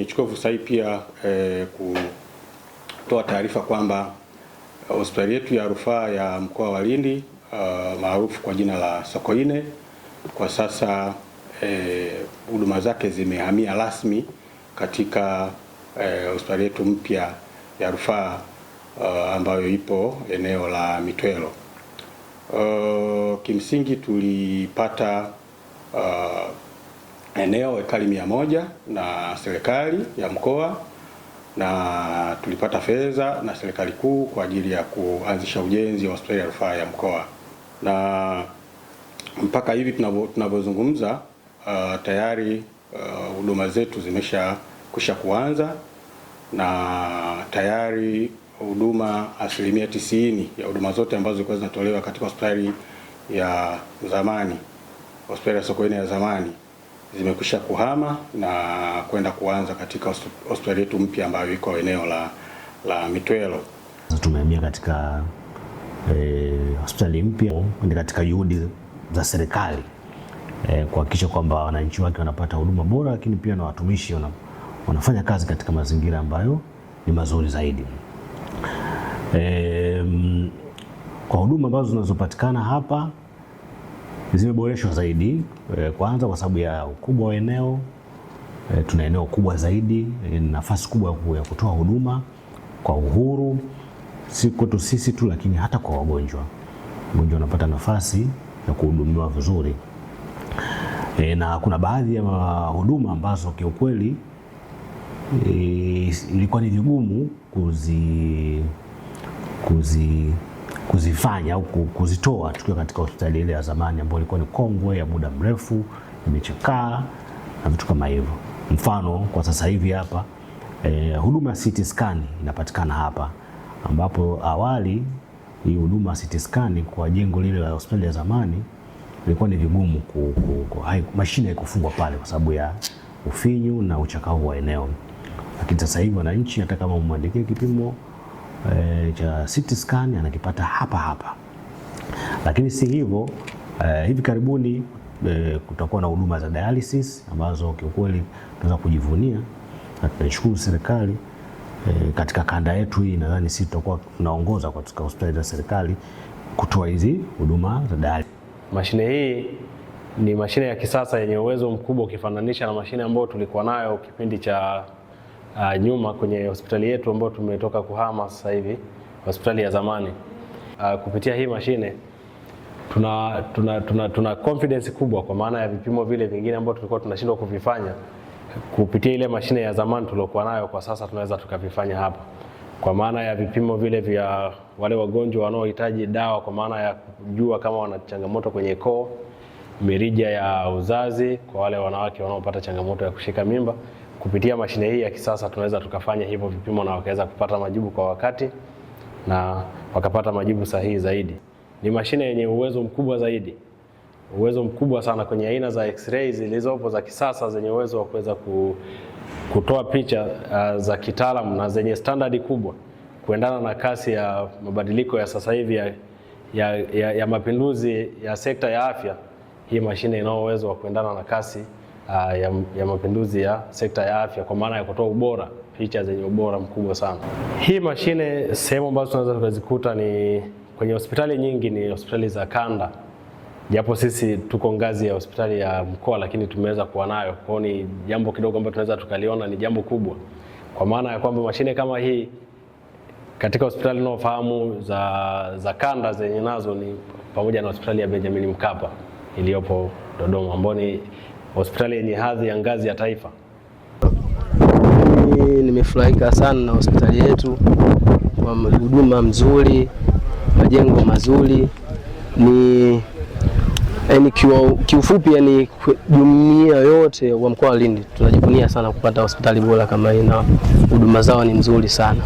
Nichukue fursa hii pia eh, kutoa taarifa kwamba hospitali yetu ya rufaa ya mkoa wa Lindi uh, maarufu kwa jina la Sokoine kwa sasa eh, huduma eh, zake zimehamia rasmi katika eh, hospitali eh, yetu mpya ya rufaa uh, ambayo ipo eneo la mitwelo Uh, kimsingi tulipata uh, eneo ekari mia moja na serikali ya mkoa na tulipata fedha na serikali kuu kwa ajili ya kuanzisha ujenzi wa hospitali ya rufaa ya mkoa, na mpaka hivi tunavyozungumza uh, tayari uh, huduma uh, zetu zimesha kusha kuanza na tayari huduma asilimia tisini ya huduma zote ambazo zilikuwa zinatolewa katika hospitali ya zamani, hospitali ya Sokoine ya zamani zimekwisha kuhama na kwenda kuanza katika hospitali yetu mpya ambayo iko eneo la, la Mitwelo. Tumehamia katika e, hospitali mpya, ni katika juhudi za serikali e, kuhakikisha kwamba wananchi wake wanapata huduma bora, lakini pia na watumishi wana, wanafanya kazi katika mazingira ambayo ni mazuri zaidi. E, kwa huduma ambazo zinazopatikana hapa zimeboreshwa zaidi. E, kwanza kwa sababu ya ukubwa wa eneo, e, tuna eneo kubwa zaidi, e, nafasi kubwa ya kutoa huduma kwa uhuru, si kwetu sisi tu, lakini hata kwa wagonjwa. Mgonjwa anapata nafasi ya kuhudumiwa vizuri. E, na kuna baadhi ya huduma ambazo kiukweli e, ilikuwa ni vigumu kuzi kuzi kuzifanya au kuzitoa tukiwa katika hospitali ile ya zamani ambayo ilikuwa ni kongwe ya muda mrefu imechakaa na vitu kama hivyo. Mfano kwa sasa hivi hapa eh, huduma ya CT scan inapatikana hapa, ambapo awali hii huduma ya CT scan kwa jengo lile la hospitali ya zamani ilikuwa ni vigumu ku, ku, ku, hai, mashine haikufungwa pale kwa sababu ya ufinyu na uchakavu wa eneo, lakini sasa hivi wananchi hata kama umwandikie kipimo e, cha CT scan anakipata hapa hapa, lakini si hivyo e, hivi karibuni e, kutakuwa na huduma za dialysis ambazo kiukweli tunaweza kujivunia na tunashukuru serikali e, katika kanda yetu hii, nadhani sisi tutakuwa tunaongoza katika hospitali za serikali kutoa hizi huduma za dialysis. Mashine hii ni mashine ya kisasa yenye uwezo mkubwa ukifananisha na mashine ambayo tulikuwa nayo kipindi cha uh, nyuma kwenye hospitali yetu ambayo tumetoka kuhama sasa hivi, hospitali ya zamani uh, kupitia hii mashine tuna, tuna, tuna, tuna confidence kubwa kwa maana ya vipimo vile vingine ambavyo tulikuwa tunashindwa kuvifanya kupitia ile mashine ya zamani tuliokuwa nayo, kwa sasa tunaweza tukavifanya hapa, kwa maana ya vipimo vile vya wale wagonjwa wanaohitaji dawa, kwa maana ya kujua kama wana changamoto kwenye koo, mirija ya uzazi kwa wale wanawake wanaopata changamoto ya kushika mimba kupitia mashine hii ya kisasa tunaweza tukafanya hivyo vipimo na wakaweza kupata majibu kwa wakati na wakapata majibu sahihi zaidi. Ni mashine yenye uwezo mkubwa zaidi, uwezo mkubwa sana kwenye aina za x-ray zilizopo za kisasa zenye uwezo wa kuweza kutoa picha uh, za kitaalamu na zenye standardi kubwa kuendana na kasi ya mabadiliko ya sasa hivi ya, ya, ya, ya mapinduzi ya sekta ya afya. Hii mashine ina uwezo wa kuendana na kasi uh, ya, ya mapinduzi ya sekta ya afya kwa maana ya kutoa ubora, picha zenye ubora mkubwa sana. Hii mashine sehemu ambazo tunaweza tukazikuta ni kwenye hospitali nyingi, ni hospitali za kanda, japo sisi tuko ngazi ya hospitali ya mkoa, lakini tumeweza kuwa nayo. Kwa ni jambo kidogo ambalo tunaweza tukaliona ni jambo kubwa, kwa maana ya kwamba mashine kama hii katika hospitali unaofahamu za, za kanda zenye nazo ni pamoja na hospitali ya Benjamin Mkapa iliyopo Dodoma ambayo ni hospitali yenye hadhi ya ngazi ya taifa. Nimefurahika sana na hospitali yetu kwa huduma mzuri, majengo mazuri, ni yani kiufupi, yani jumuiya yote wa mkoa wa Lindi tunajivunia sana kupata hospitali bora kama hii na huduma zao ni nzuri sana.